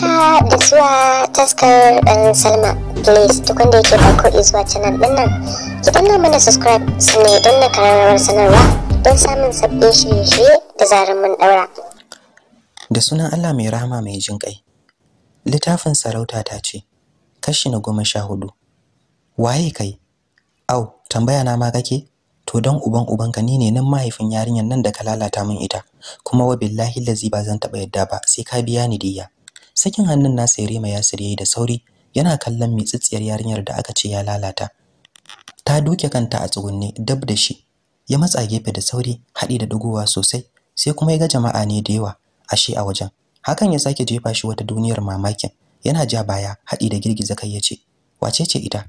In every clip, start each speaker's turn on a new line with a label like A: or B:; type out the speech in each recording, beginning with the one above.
A: haka da zuwa taskar ɗan salma please duk wanda yake farko izuwa canal ɗin nan ki danna mana subscribe sannan don na kararrawar sanarwa don samun sabbin shirye-shirye da zarar mun ɗaura da sunan allah mai rahama mai jin ƙai littafin sarauta ta ce kashi na goma sha hudu waye kai au tambaya na ma kake to don uban ubanka ni ne nan mahaifin yarinyar nan da ka lalata min ita kuma wa billahi lazi ba zan taɓa yadda ba sai ka biya ni diya sakin hannun nasa ya rema ya yayi da sauri yana kallon mitsitsiyar yarinyar da aka ce ya lalata ta duke kanta a tsugunne dab da shi ya matsa gefe da sauri haɗi da dugowa sosai sai kuma ya ga jama'a ne da yawa ashe a wajen hakan ya sake jefa shi wata duniyar mamakin yana ja baya haɗi da girgiza kai ya ce wace ce ita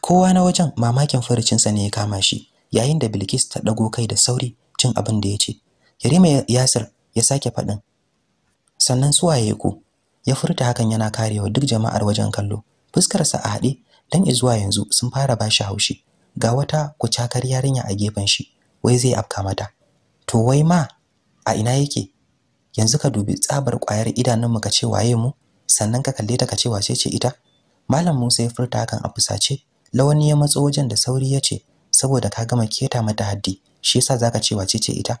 A: kowa na wajen mamakin furucinsa ne ya kama shi yayin da bilkis ta ɗago kai da sauri cin abin da ya ce yarima yasir ya sake faɗin sannan su waye ku ya furta hakan yana karewa duk jama'ar wajen kallo fuskarsa a haɗe dan izuwa yanzu sun fara bashi haushi ga wata kucakar yarinya a gefen shi wai zai afka mata to wai ma a ina yake yanzu ka dubi tsabar kwayar mu ka ce waye mu sannan ka kalle ta ka ce wace ce ita malam Musa ya furta hakan a fusace lawani ya matso wajen da sauri ya ce saboda ka gama keta mata haddi shi yasa zaka ce wace ce ita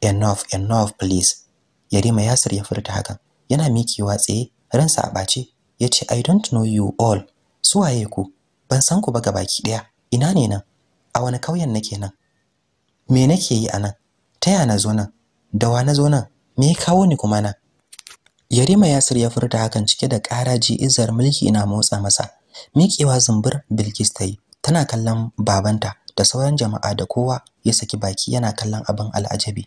A: enough enough please Yarima Yasir ya furta hakan. Yana mikewa tsaye, ransa a ɓace, ya ce I don't know you all. Su waye ku? Ban san ku ba gabaki ɗaya. Ina ne nan? A wani ƙauyen nake nan? Me nake yi a nan? Ta yana zo nan? Da wa na zo nan? Me ya kawo ni kuma na? Yarima Yasir ya furta hakan cike da ƙaraji izar mulki na motsa masa. Miƙewa zumbur Bilkis ta yi, tana kallon babanta da sauran jama'a da kowa ya saki baki yana kallon abin al'ajabi.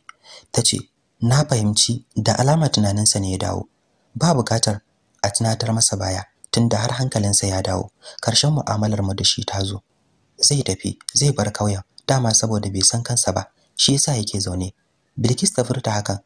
A: Ta ce, na fahimci da alama tunaninsa ne ya dawo ba bukatar a tunatar masa baya tunda har hankalinsa ya dawo karshen mu'amalar mu da shi ta zo zai tafi zai bar kauyen dama saboda bai san kansa ba shi yasa yake zaune Bilkis ta furta hakan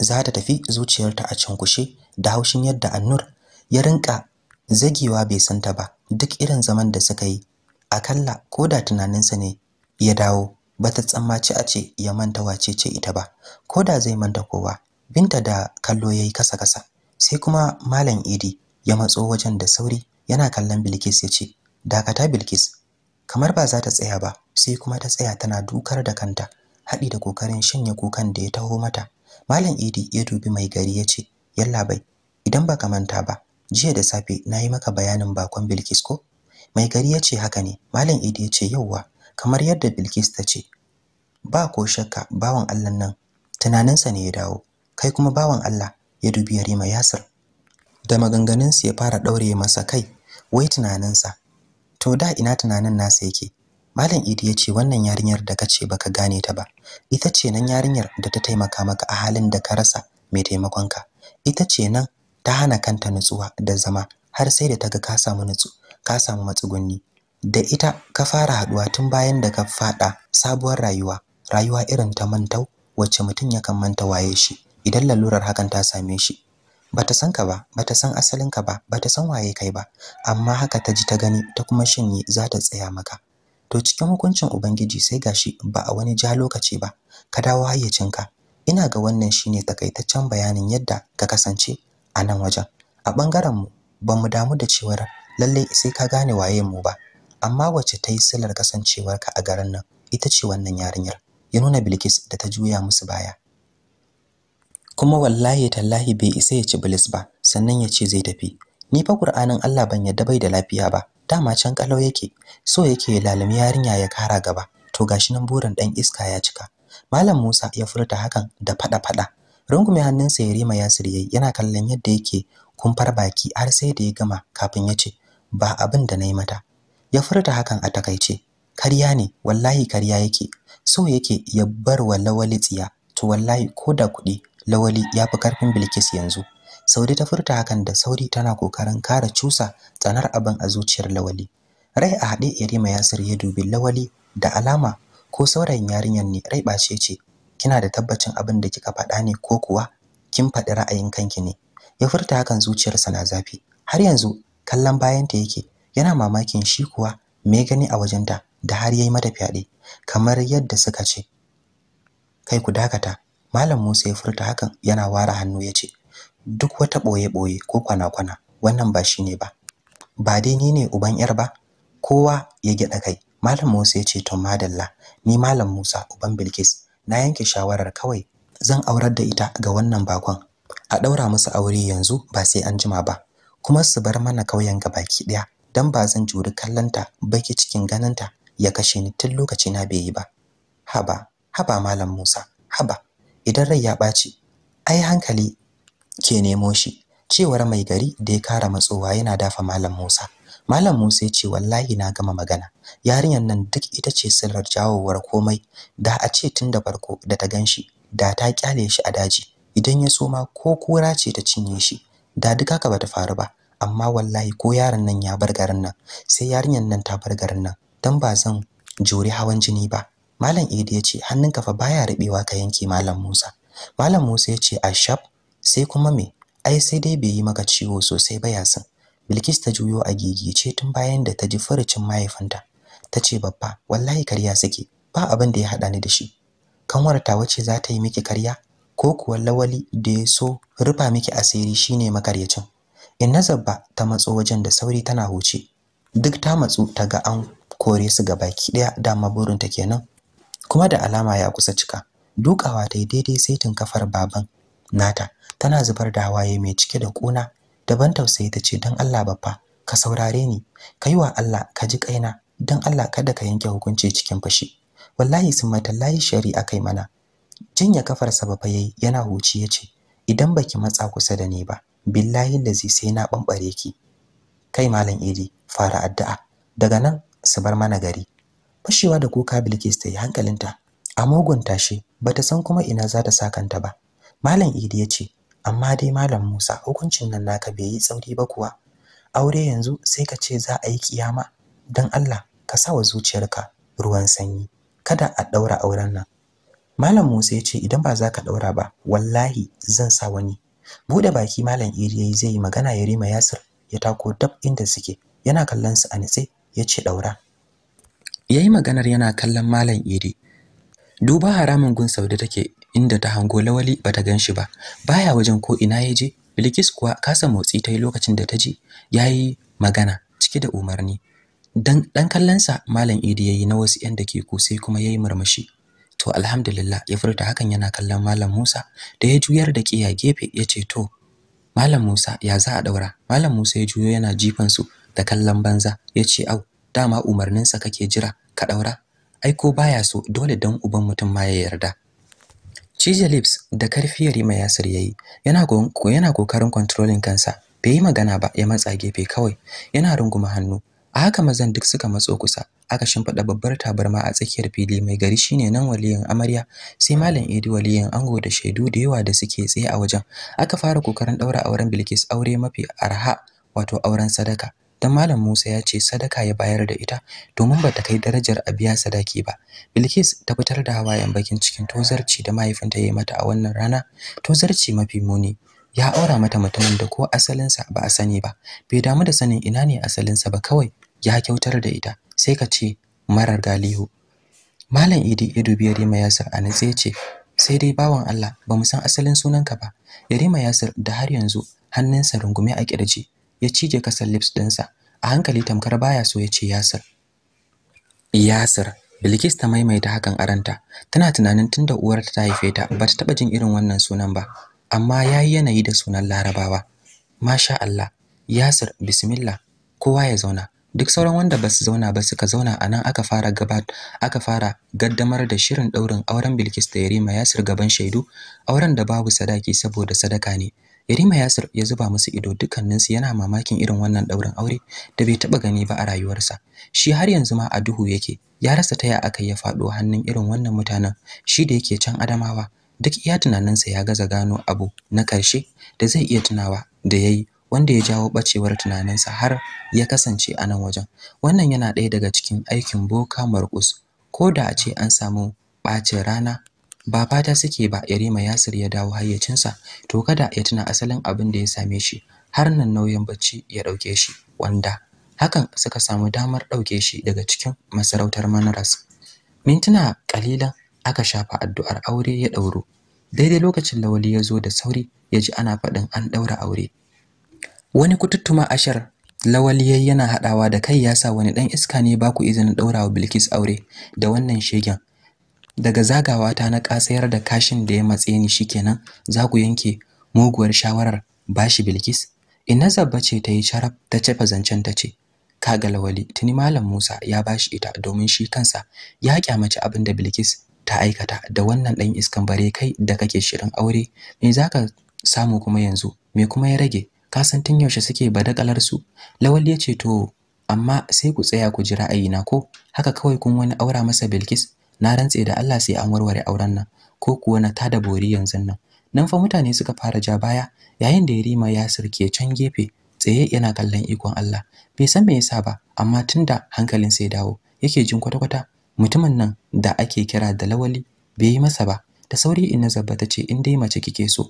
A: za ta tafi zuciyarta a cinkushe da haushin yadda Annur ya rinka zagewa bai san ta ba duk irin zaman da suka yi akalla ko da tunaninsa ne ya dawo bata tsammaci a ce ya manta wace ce ita ba ko da zai manta kowa binta da kallo yayi kasa kasa sai kuma malam Idi ya matso wajen da sauri yana kallon Bilkis ya ce dakata Bilkis kamar ba za ta tsaya ba sai kuma ta tsaya tana dukar da kanta haɗi da kokarin shanye kukan da ya taho mata malam Idi ya dubi mai gari ya ce yalla bai idan baka manta ba jiya da safe na yi maka bayanin bakon Bilkis ko mai gari ya ce haka ne malam Idi ya ce yauwa kamar yadda Bilkis ta ce. Ba ko shakka bawan Allah nan tunaninsa ne ya dawo, kai kuma bawan Allah ya dubi Yarima Yasir. Da maganganunsa ya fara ɗaure masa kai, wai tunaninsa. To da ina tunanin nasa yake? Malam Idi ya ce wannan yarinyar da ka ce ba ka gane ta ba, ita ce nan yarinyar da ta taimaka maka a halin da ka rasa mai taimakonka. Ita ce nan ta hana kanta nutsuwa da zama har sai da ta ga ka samu nutsu, ka samu matsugunni. da ita ka fara haduwa tun bayan da ka fada sabuwar rayuwa rayuwa irin ta mantau wacce mutum yakan manta waye shi idan lalurar hakan ta same shi bata san ka ba bata san asalin ka ba bata san waye kai ba amma haka ta ji ta gani ta kuma shinye za ta tsaya maka to cikin hukuncin ubangiji sai gashi ba a wani ja lokaci ba ka dawo hayyacinka ina ga wannan shine takaitaccen bayanin yadda ka kasance a nan wajen a bangaren mu bamu damu da cewar lallai sai ka gane waye mu ba amma wace ta yi silar kasancewarka a garin nan ita ce wannan yarinyar ya nuna Bilkis da ta juya musu baya kuma wallahi tallahi bai isa ya ci bilis ba sannan ya ce zai tafi ni fa Qur'anin Allah ban yarda bai da lafiya ba dama can kalau yake so yake lalumi yarinya ya kara gaba to gashi nan burin dan iska ya cika Malam Musa ya furta hakan da fada fada rungume hannunsa ya rima Yasir yayi yana kallon yadda yake kumfar baki har sai da ya gama kafin ya ce ba abin da nayi mata ya furta hakan a takaice karya ne wallahi karya yake so yake ya bar wa lawali tsiya to wallahi ko da kuɗi lawali ya fi karfin bilkis yanzu saudi ta furta hakan da sauri tana kokarin kara cusa tsanar abin a zuciyar lawali rai a haɗe irima yasir ya dubi lawali da alama ko saurayin yarinyar ne rai ɓace ce kina da tabbacin abin da kika faɗa ne ko kuwa kin faɗi ra'ayin kanki ne ya furta hakan zuciyarsa na zafi har yanzu kallon bayanta yake yana mamakin shi kuwa me gani a wajenta da har yayi mata fyaɗe kamar yadda suka ce kai ku dakata malam Musa ya furta hakan yana wara hannu ya ce duk wata ɓoye-ɓoye ko kwana-kwana wannan ba shi ne ba ba dai ni ne uban yar ba kowa ya gyaɗa kai malam Musa ya ce to madalla ni malam Musa uban Bilkis na yanke shawarar kawai zan aurar da ita ga wannan bakon a ɗaura musu aure yanzu ba sai an jima ba kuma su bar mana kauyen ga baki ɗaya dan ba zan juri kallanta baki cikin gananta ya kashe ni tun lokaci na bai yi ba haba haba malam Musa haba idan rai ya ɓaci ai hankali ke nemo shi cewar mai gari da ya kara matsowa yana dafa malam Musa malam Musa ya ce wallahi na gama magana yarinyar nan duk ita ce sirrar jawowar komai da a ce tun da farko da ta ganshi da ta kyale shi a daji idan ya soma ko kura ce ta cinye shi da duk haka bata faru ba amma wallahi ko yaron nan ya bar garin nan sai yarinyar nan ta bar garin nan dan ba zan jori hawan jini ba malam Idi ya ce kafa fa baya rubewa ka yanke malam Musa malam Musa ya ce ashab sai kuma me ai sai dai bai yi maka ciwo sosai ba yasin Bilkis ta juyo a gigice tun bayan da ta ji furucin mahaifinta ta ce babba wallahi karya suke ba abin da ya haɗa ni da shi kanwar ta wace za ta yi miki karya ko kuwa lawali da ya so rufa miki asiri shine makaryacin inna zabba ta matso wajen da sauri tana huce duk ta matsu ta ga an kore su ga baki daya dama burinta kenan kuma da alama ya kusa cika dukawa ta daidai saitin kafar baban nata tana zubar da hawaye mai cike da kuna daban tausayi ta ce don Allah baffa ka saurare ni ka wa Allah ka ji kaina don Allah kada ka yanke hukunci cikin fashi wallahi sun shari shari'a kai mana jinya kafarsa baffa yayi yana huci ya ce idan baki matsa kusa da ni ba billahi lazi sai na bambare ki kai malam idi fara addu'a daga nan su bar mana gari fashewa da kuka bilkis ta yi hankalinta a mugun tashi bata san kuma ina za ta sakanta ba malam idi ya ce amma dai malam musa hukuncin nan naka bai yi tsauri ba kuwa aure yanzu sai ka ce za a yi kiyama don allah ka sa wa zuciyarka ruwan sanyi kada a ɗaura auren nan malam musa ya ce idan ba za ka ɗaura ba wallahi zan sa wani Bude baki Malam Idi yayi zai yi magana ya rima Yasir ya tako dab inda suke. Yana kallon su a nitse ya ce daura. Yayi maganar yana kallon Malam iri Duba haramun gun Saudi take inda ta hango Lawali bata gan shi ba. Baya wajen ko ina yaje Bilkis kuwa kasa motsi ta yi lokacin da ta ji yayi magana cike da umarni. Dan dan kallon sa Malam Idi yayi na wasu 'yan dake ko sai kuma yayi murmushi. to alhamdulillah ya furta hakan yana kallon malam Musa da ya juyar da kiya gefe ya ce to malam Musa ya za a daura malam Musa ya juyo yana jifan su da kallon banza ya ce au dama umarninsa kake jira ka daura ai ko baya so dole dan uban mutum ma ya yarda Chija lips da karfi ya rima Yasir yayi yana yana kokarin controlling kansa bai yi magana ba ya matsa gefe kawai yana runguma hannu a haka mazan duk suka matso kusa aka shimfiɗa babbar tabarma a tsakiyar fili mai gari shine nan waliyin amarya sai malam idi waliyin ango da shaidu da yawa da suke tsaye a wajen aka fara kokarin ɗaura auren bilkis aure mafi arha wato auren sadaka dan malam musa ya ce sadaka ya bayar da ita domin bata kai darajar a biya sadaki ba bilkis ta fitar da hawayen bakin cikin tozarci da mahaifinta ya yi mata a wannan rana tozarci mafi muni ya aura mata mutumin da ko asalinsa ba a sani ba bai damu da sanin ina ne asalinsa ba kawai ya kyautar da ita sai ka ce marar galihu malam idi ya dubi yarima yasir a natse ce sai dai bawan Allah ba mu san asalin sunanka ba yarima yasir da har yanzu hannunsa rungume a kirji ya cije kasan lips dinsa a hankali tamkar baya so ya ce yasir yasir Bilkis ta maimaita hakan aranta tana tunanin tunda uwarta ta haife ta ba ta taba jin irin wannan sunan ba amma yayi yanayi da sunan Larabawa masha Allah Yasir bismillah kowa ya zauna duk sauran wanda ba su zauna ba suka zauna a nan aka fara gabat aka fara gaddamar da shirin ɗaurin auren Bilkis da Yarima Yasir gaban shaidu auren da babu sadaki saboda sadaka ne Yarima Yasir ya zuba musu ido dukkaninsu yana mamakin irin wannan ɗaurin aure da bai taɓa gani ba a rayuwarsa shi har yanzu ma a duhu yake ya rasa taya aka ya faɗo hannun irin wannan mutanen shi da yake can Adamawa duk iya tunaninsa ya gaza gano abu na karshe da zai iya tunawa da yayi wanda ya jawo ɓacewar tunaninsa har ya kasance a nan wajen wannan yana ɗaya daga cikin aikin boka markus ko da a ce an samu ɓacin rana ba fata suke ba yarima yasir ya dawo hayyacinsa to kada ya tuna asalin abin da ya same shi har nan nauyin bacci ya ɗauke shi wanda hakan suka samu damar ɗauke shi daga cikin masarautar manaras mintuna ƙalilan aka shafa addu'ar aure ya ɗauro daidai lokacin lawali ya zo da sauri ya ji ana faɗin an ɗaura aure wani kututtuma ashar yayi yana haɗawa da kai ya sa wani ɗan iska ne baku izinin ɗaurawa wa bilkis aure da wannan shegen daga zagawa ta na ƙasayar da kashin da ya matse ni shikenan za ku yanke muguwar shawarar bashi bilkis Ina zabba ce ta yi sharaf ta cefa zancen ta ce kaga lawali tuni malam musa ya bashi ita domin shi kansa ya kyamaci abin da bilkis ta aikata da wannan ɗan iskan bare kai da kake shirin aure me zaka samu kuma yanzu me kuma ya rage ka san tun yaushe suke badakalar su Lawali ya ce to amma sai ku tsaya ku ji ra'ayina ko haka kawai kun wani aura masa Bilkis na rantse da Allah sai an warware auren nan ko kuwa na tada bori yanzu nan nan fa mutane suka fara ja baya yayin da Yarima ya sirke can gefe tsaye yana kallon ikon Allah bai san me yasa ba amma tunda hankalin sai dawo yake jin kwata-kwata mutumin nan da ake kira da lawali bai yi masa ba da sauri in na ta ce in dai mace kike so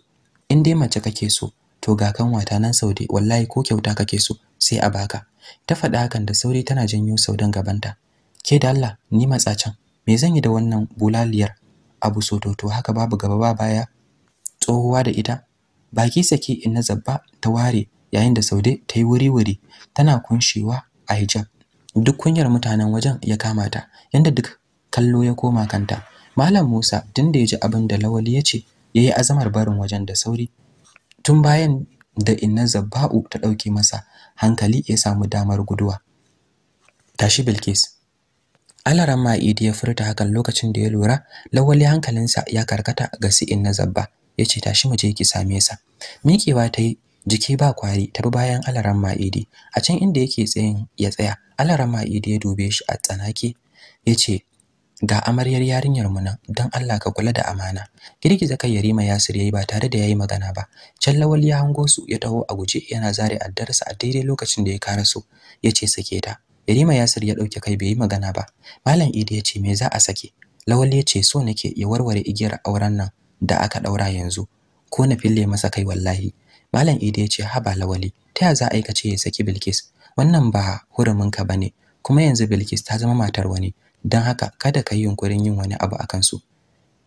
A: in dai mace kake so to ga wata nan saude wallahi ko kyauta kake so sai a baka ta faɗa hakan da sauri tana janyo saudan gabanta ke da Allah ni matsa can me zan yi da wannan bulaliyar abu sototo haka babu gaba ba baya tsohuwa da ita baki sake in na zabba ta ware yayin da saude ta yi wuri-wuri tana kunshewa a hijab duk kunyar mutanen wajen ya kama ta yanda duk kallo ya koma kanta malam musa tun ya ji abin da lawali ya ce ya yi azamar barin wajen da sauri tun bayan da inna zabba'u ta ɗauke masa hankali ya samu damar guduwa tashi bilkis alaran ma'idi ya furta hakan lokacin da ya lura lawali hankalinsa ya karkata ga si inna zabba ya ce tashi mu je ki same sa miƙewa ta yi jiki ba kwari ta bi bayan alaran ma'idi a can inda yake tsayin ya tsaya alaran ma'idi ya dube shi a tsanake ya ce ga amaryar yarinyar mu nan don Allah ka kula da amana girgiza kai yarima yasir yayi ba tare da yayi magana ba lawali ya hango su ya taho a guje yana zare addarsa a daidai lokacin da ya kare su yace sake ta yarima yasir ya dauke kai bai yi magana ba malam idi yace me za a sake lawal yace so nake ya warware igiyar auren nan da aka daura yanzu ko na fille masa kai wallahi malam idi yace haba lawali ta ya za a ce ya saki bilkis wannan ba hurumin ka bane kuma yanzu bilkis ta zama matar wani don haka kada ka yi yunkurin yin wani abu a kansu.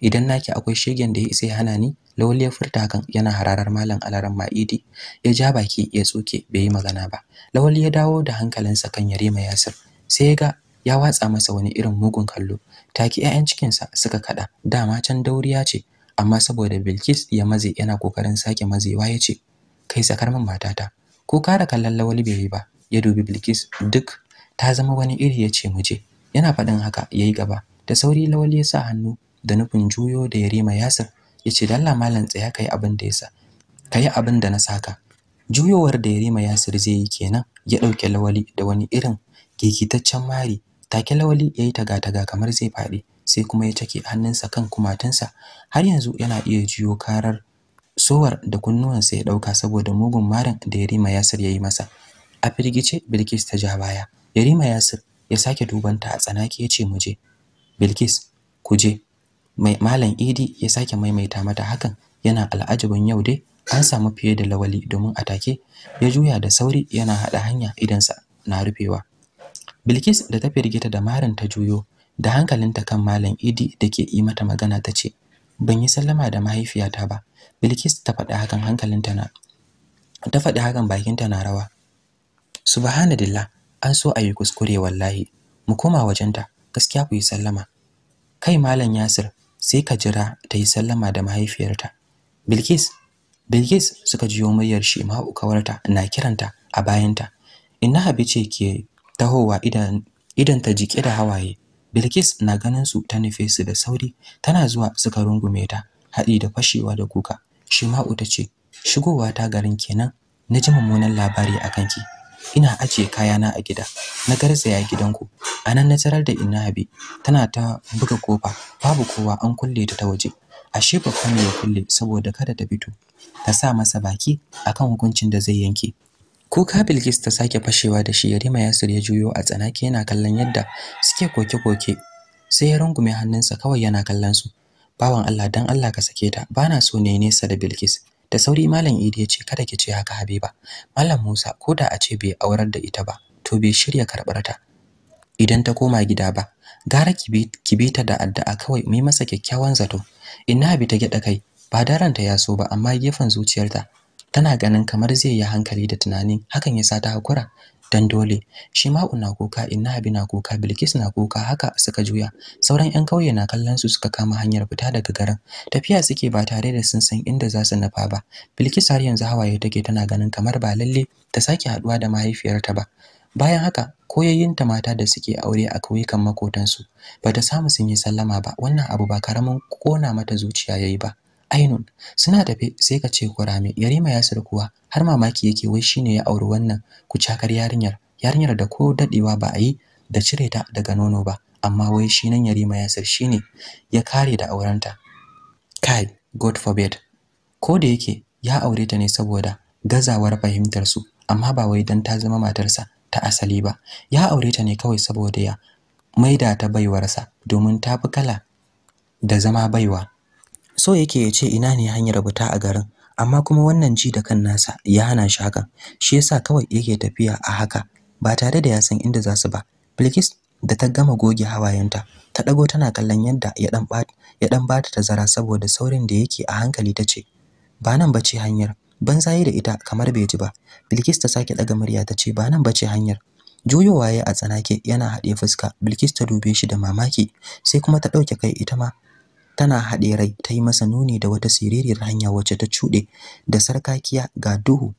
A: idan naki akwai shegen da ya isa ya hana ni lawali ya furta hakan yana hararar malam alaran ma'idi ya ja baki ya tsoke bai yi magana ba lawali ya dawo da hankalinsa kan mai yasir sai ya ga ya watsa masa wani irin mugun kallo taki 'ya'yan cikinsa suka kada dama can dauriya ce amma saboda bilkis ya maze yana kokarin sake mazewa ya ce kai sakar min matata ko kara kallon lawali bai yi ba ya dubi bilkis duk ta zama wani iri ya ce muje yana faɗin haka ya yi gaba da sauri lawal ya sa hannu da nufin juyo da yarima yasir ya ce dalla malam tsaya ka yi abin da ya sa ka yi abin da na saka juyowar da yarima yasir zai yi kenan ya ɗauke lawali da wani irin gigitaccen mari take lawali ya yi taga-taga kamar zai faɗi sai kuma ya cake hannunsa kan kumatunsa har yanzu yana iya jiyo karar sowar da kunnuwansa ya ɗauka saboda mugun marin da yarima yasir ya yi masa a firgice bilkis ta ja baya yarima yasir ya sake dubanta a tsanaki ya ce muje Bilkis ku je mai malam Idi ya sake maimaita mata hakan yana al'ajabin yau dai an samu fiye da lawali domin a take. ya juya da sauri yana hada hanya idansa na rufewa Bilkis da ta firgita da marin ta juyo da hankalinta kan malam Idi da ke yi mata magana ta ce ban yi sallama da mahaifiyata ba Bilkis ta faɗi hakan hankalinta na ta faɗi hakan bakinta na rawa Subhanallah an so a yi kuskure wallahi mu koma wajenta gaskiya ku yi sallama kai malam Yasir sai ka jira ta yi sallama da mahaifiyarta Bilkis Bilkis suka jiyo muryar shi ma na kiranta a bayanta inna habi ce ke tahowa idan ta jike da hawaye Bilkis na ganin su ta nufe su da sauri tana zuwa suka rungume ta haɗi da fashewa da kuka Shima'u ta ce shigowa ta garin kenan na ji mummunan labari a kanki ina ajiye kayana a gida na garzaya gidanku a nan na tarar da ina, habi tana ta buga kofa babu kowa an kulle ta ta waje ashe babba ne ya kulle saboda kada ta fito ta sa masa baki akan hukuncin da zai yanke kuka Bilkis ta sake fashewa da shi Yarima Yasir ya juyo a tsanake yana kallon yadda suke koke-koke sai ya rungume hannunsa kawai yana kallon su bawan Allah dan Allah ka sake ta bana so ne nesa da Bilkis da sauri malam Idi ya ce kada ki ce haka Habiba malam Musa ko da a ce bai aurar da ita ba to bai shirya karɓar ta idan ta koma gida ba gara ki bi ta da addu'a kawai mu masa kyakkyawan zato ina bi ta gyaɗa kai ba ta ya so ba amma gefen zuciyarta tana ganin kamar zai yi hankali da tunani hakan ya sa ta hakura dan dole shima'u na kuka Inna innabi na kuka bilkis na kuka haka suka juya sauran yan kauye na kallon su suka kama hanyar fita daga garin tafiya suke ba tare da sun san inda za su nufa ba bilkis har yanzu hawaye take tana ganin kamar ba lalle ta sake haduwa da mahaifiyarta ba bayan haka koyayyinta mata da suke aure a kauyukan makotansu ba ta samu sun yi sallama ba wannan abu ba karamin kona mata zuciya yayi ba ainun suna tafe sai ka ce ku kurame yarima yasir kuwa har mamaki yake wai shine ya auri wannan ku kucakar yarinyar yarinyar da ko dadewa ba a yi da cire ta daga nono ba amma wai shi nan yarima yasir shine ya kare da aurenta kai god forbid ko da yake ya aure ta ne saboda gazawar fahimtar su amma ba wai dan ta zama matarsa ta asali ba ya aure ta ne kawai saboda ya maida ta baiwarsa domin ta fi kala da zama baiwa so yake ya ce ina ne hanyar bata a garin amma kuma wannan ji da kan nasa ya hana shi hakan shi yasa kawai yake tafiya a haka ba tare da ya san inda za su ba Bilkis da ta gama goge hawayenta ta dago tana kallon yadda ya dan ya dan bata tazara saboda saurin da yake a hankali tace ba nan bace hanyar ban zayi da ita kamar bai ji ba Bilkis ta sake daga murya tace ba nan bace hanyar juyowa ya a tsanake yana haɗe fuska Bilkis ta dube shi da mamaki sai kuma ta ɗauke kai ita ma tana haɗe rai ta yi masa nuni da wata siririyar hanya wacce ta cuɗe da sarkakiya ga duhu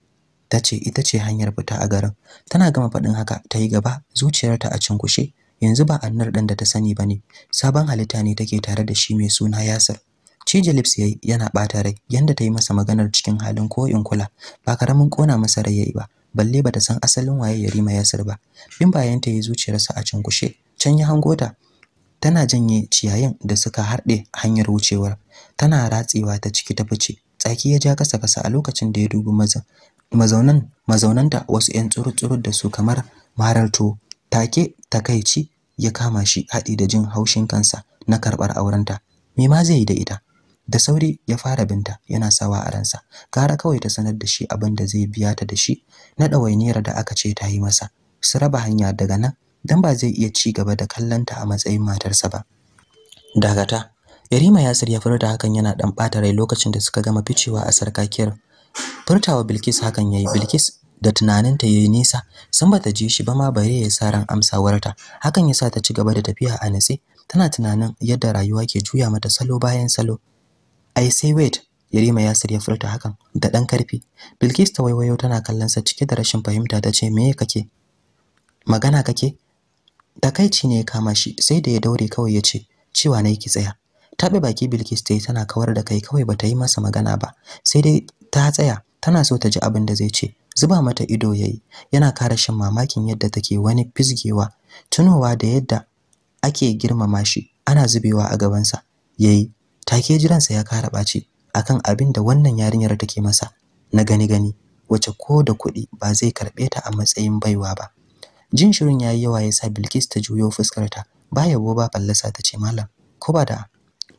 A: ta ce ita ce hanyar fita a garin tana gama faɗin haka ta yi gaba zuciyarta a cinkushe yanzu ba annar ɗan da ta sani ba ne sabon halitta ne take tare da shi mai suna yasir cije lips yayi yana ɓata rai yanda ta yi masa maganar cikin halin ko kula ba karamin ƙona masa rai yayi ba balle bata san asalin waye Yarima Yasir ba. Bin ta yi zuciyarsa a cinkushe, can ya hango ta tana janye ciyayin da suka harɗe hanyar wucewa. tana ratsewa ta ciki ta fice tsaki ya ja kasa kasa a lokacin da ya dubi maza mazaunan mazaunanta wasu 'yan tsurutsuru da su kamar mararto take takaici ya kama shi haɗi da jin haushin kansa na karɓar aurenta me ma zai yi da ita da sauri ya fara binta yana sawa a ransa gara kawai ta sanar da shi abin da zai biya ta da shi na ɗawainiyar da aka ce ta yi masa su raba hanya daga nan don ba zai iya ci gaba da kallon ta a matsayin matarsa ba. Dakata, Yarima ya sirya furta hakan yana dan bata rai lokacin da suka gama ficewa a sarkakiyar. Furtawa Bilkis hakan yayi Bilkis da tunanin tunaninta yayi nisa, san bata ji shi ba ma bare ya sa ran amsawarta. Hakan yasa ta ci gaba da tafiya a natse, tana tunanin yadda rayuwa ke juya mata salo bayan salo. I sai wait, Yarima ya sirya furta hakan da dan karfi. Bilkis ta waiwayo tana kallon sa cike da rashin fahimta tace ce me kake? Magana kake? takaici ne ya kama shi sai da ya daure kawai ya ce cewa na ki tsaya taɓe baki Bilkis ta yi tana kawar da kai kawai bata yi masa magana ba sai dai ta tsaya tana so ta ji abin da zai ce zuba mata ido yayi yana kara shin mamakin yadda take wani fisgewa tunowa da yadda ake girmama shi ana zubewa a gabansa yayi take jiransa ya kara ɓaci akan abin da wannan yarinyar take masa na gani gani wace ko da kuɗi ba zai karɓe ta a matsayin baiwa ba jin shirin yayi yawa ya sa Bilkis ta juyo fuskar ta ba yabo ba fallasa ta ce malam ko ba da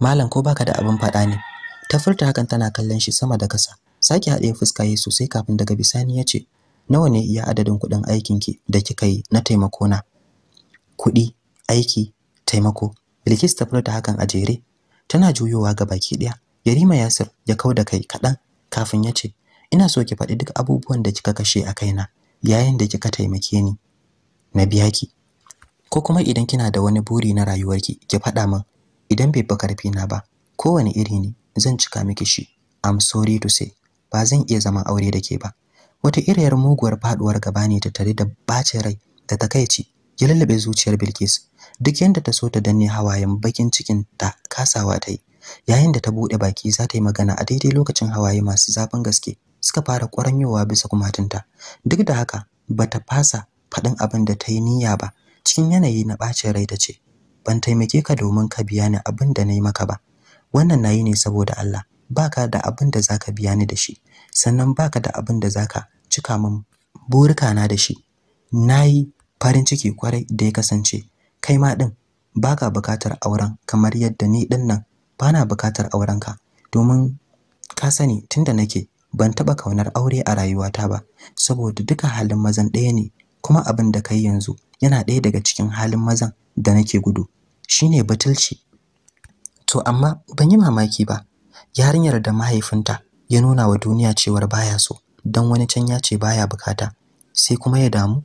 A: malam ko baka da abin faɗa ne ta furta hakan tana kallon shi sama da kasa sake haɗe fuska yayi sosai kafin daga bisani ya ce nawa ne iya adadin kuɗin aikin ki da kika yi na taimako na kuɗi aiki taimako Bilkis ta furta hakan a jere tana juyowa ga baki ɗaya Yarima Yasir ya kau da kai kaɗan kafin ya ce ina so ki faɗi duk abubuwan da kika kashe a kaina yayin da kika taimake ni na biya ki ko kuma idan kina da wani buri na rayuwarki ki faɗa min idan bai fi karfi na ba kowane iri ne zan cika miki shi i'm sorry to say ba zan iya zama aure da ke ba wata iriyar muguwar faduwar gaba ne ta tare da bacin rai da takaici ya lallabe zuciyar Bilkis duk yadda ta so ta danne hawayen bakin cikin ta kasawa ta yi yayin da ta buɗe baki za ta yi magana a daidai lokacin hawaye masu zafin gaske suka fara kwaranyowa bisa kumatunta duk da haka bata fasa faɗin abin da ta yi niyya ba cikin yanayi na ɓacin rai ta ce ban taimake ka domin ka biya ni abin da na yi maka ba wannan na yi ne saboda Allah Ba ka da abin da za ka biya ni da shi sannan ba ka da abin da za ka cika min burika na da shi Na yi farin ciki kwarai da ya kasance kai ma din ka buƙatar auren kamar yadda ni ɗin nan bana bukatar aurenka domin ka sani tunda nake ban taɓa kaunar aure a rayuwata ba saboda duka halin mazan ɗaya ne kuma abin da kai yanzu yana ɗaya daga cikin halin mazan da nake gudu shine batulci to amma ban yi mamaki ba yarinyar da mahaifinta ya nuna wa duniya cewar baya so don wani can ya ce baya bukata sai kuma ya damu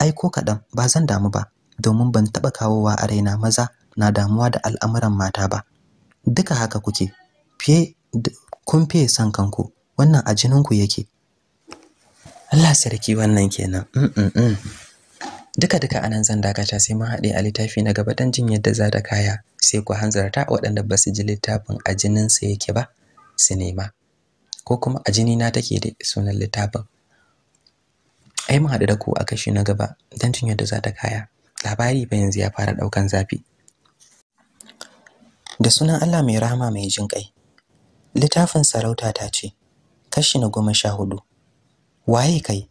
A: ai ko kaɗan ba zan damu ba domin ban taɓa kawowa a raina maza na damuwa da al'amuran mata ba duka haka kuke fiye kun fiye son kanku wannan a jininku yake Allah sarki wannan kenan mm, mm, mm. duka duka anan zan dakata sai mun haɗe a littafi na gaba dan jin yadda za ta kaya sai ku hanzarta waɗanda ba su ji littafin a jinin sa yake ba su nema ko kuma a jini na take da sunan littafin ai mun haɗu da ku a kashi na gaba dan jin yadda za ta kaya labari ba yanzu ya fara ɗaukan zafi da sunan Allah mai rahama mai jin ƙai littafin sarauta ta ce kashi na goma sha hudu waye kai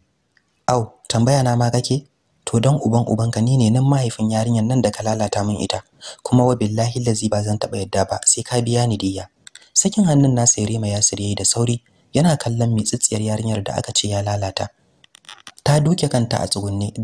A: au tambaya na ma kake to dan uban ubanka ni ne nan mahaifin yarinyar nan da ka lalata min ita kuma wa billahi lazi ba zan taba yadda ba sai ka biya ni diya sakin hannun na ya rima ya sirye da sauri yana kallon mitsitsiyar yarinyar da aka ce ya lalata ta duke kanta a tsugunne